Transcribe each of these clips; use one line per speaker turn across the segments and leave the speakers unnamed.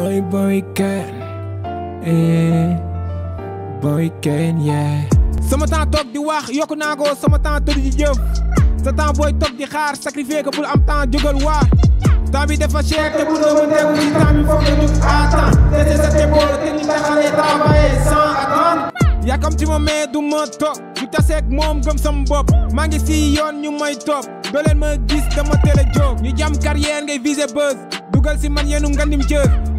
boy, boy, can. Eh, boy, can, yeah. sama temps rendez-vous, di wax yok n'ago, ko sama temps tëdd di jëf sa temps de toog di xaar sacrifier ko pour am temps jógal wa temps bi defa chek te doon mën a déglu temps bi foog nga jóg à temps te sa tébool te ñu sans attendre. yaakaar ti mo me du ma toog bu taseeg mom gëm sam bop Mangi ngi si yoon ñu may top do len ma gis dama tele a ñu jam carrière ngay viser buzz dugal si man yenu ngandim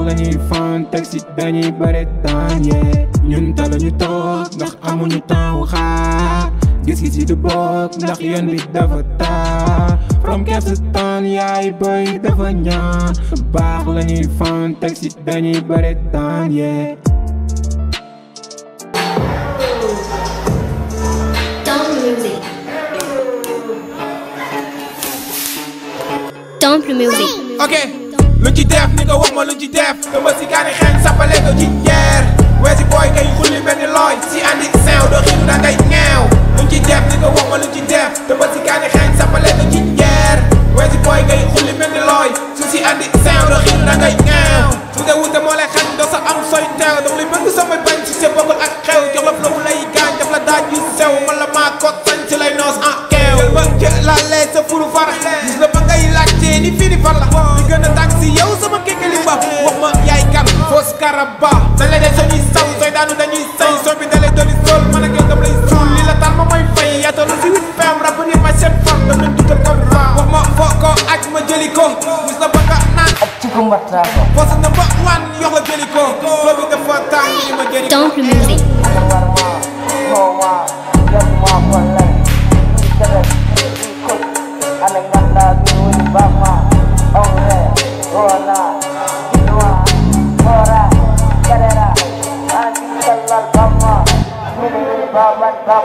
foofu la ñuy fan taxi dañuy bare daan yee ñun taluñu tok ndax amuñu temps wu xaar gis-gis yi du bokk ndax yoon bi dafa taa from kepp sa taan yaay boy dafa ñaan baax la ñuy fan taxi dañuy bare daan yee Temple Music. Ok. luñ ci def ni nga wax ma luñ ci def dama si gaani xeeñ sappale ko ci jeer weesi booy ngay xulli benn looy si andi seew doo xiitu da ngay ci def ni nga wax ma luñ ci def dama si gaani xeeñ sappale ci jeer weesi booy ngay xulli benn looy si andi seew doo xiitu da karaba dañ lay def soñuy saw sooy daanu say soo bi sol man ak lay li la wit fam ni ma fam ko wax ma ko ma jëli ko na ak ci ko ko sa na ba jëli ko bi tàng ni ma jëli ko about right now.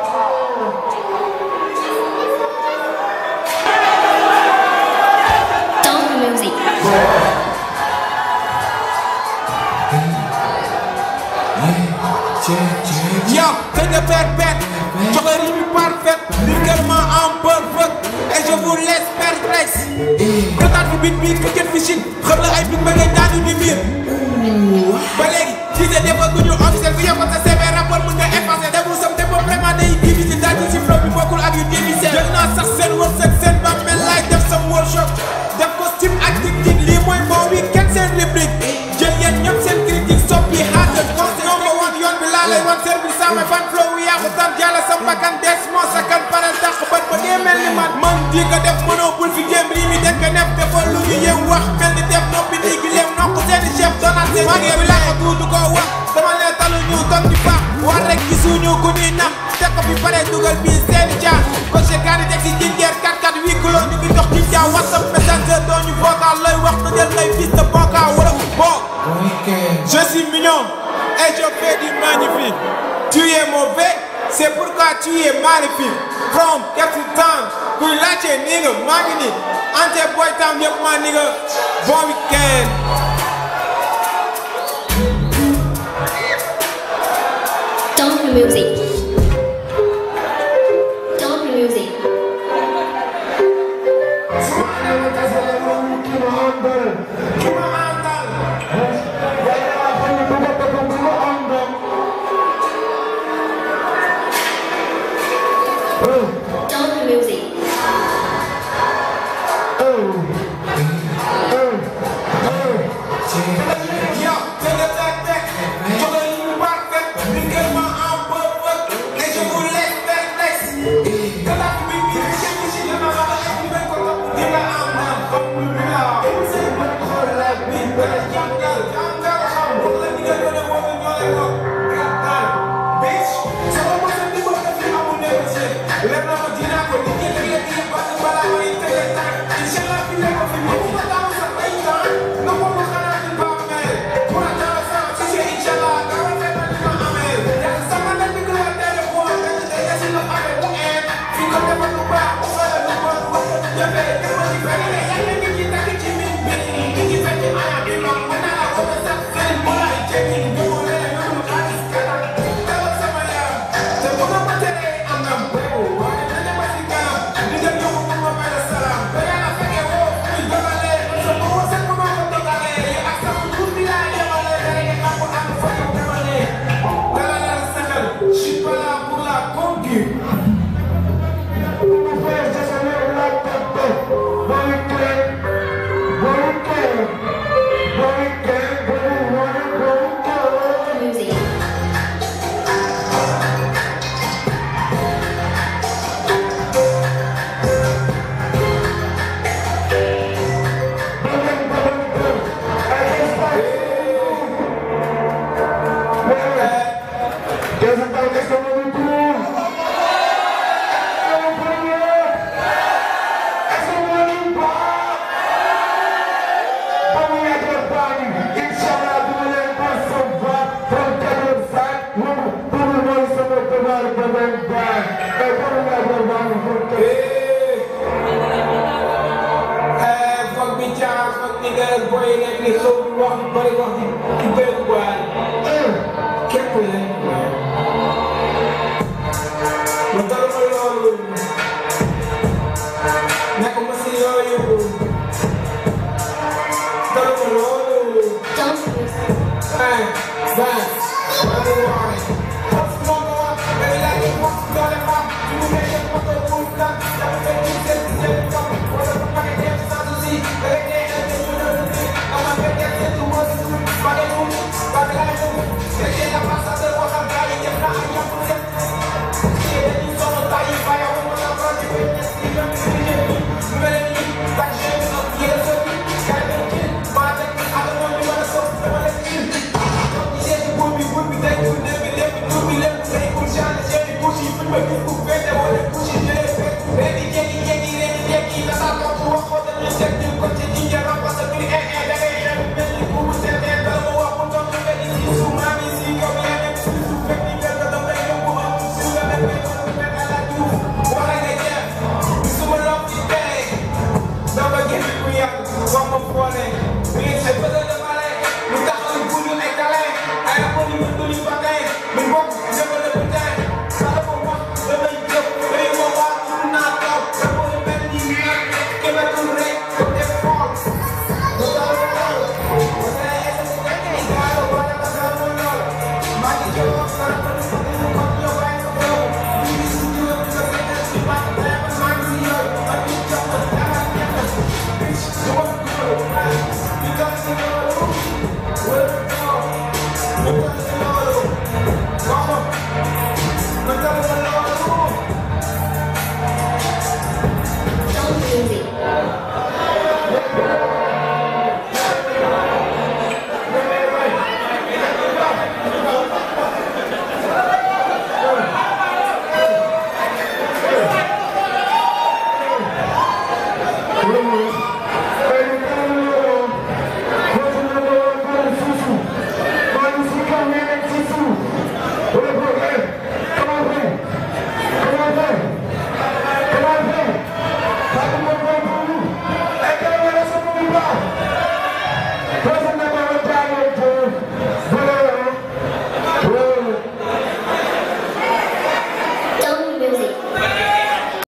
Don't music. Yo, c'est de faire bête, j'aurais l'imi parfaite, vulgairement en perfect, et je vous laisse perplexe. Regarde eh. vous big beat, que tu fichine, Je suis mignon et je fais du magnifique. Tu es mauvais, c'est pourquoi tu es magnifique. From Captain let Kulache Nigga, Magnifique Ante Boy Town, my Nigga, bon week-end. music. Lembra do dia? ¡Gracias! 감사합니다.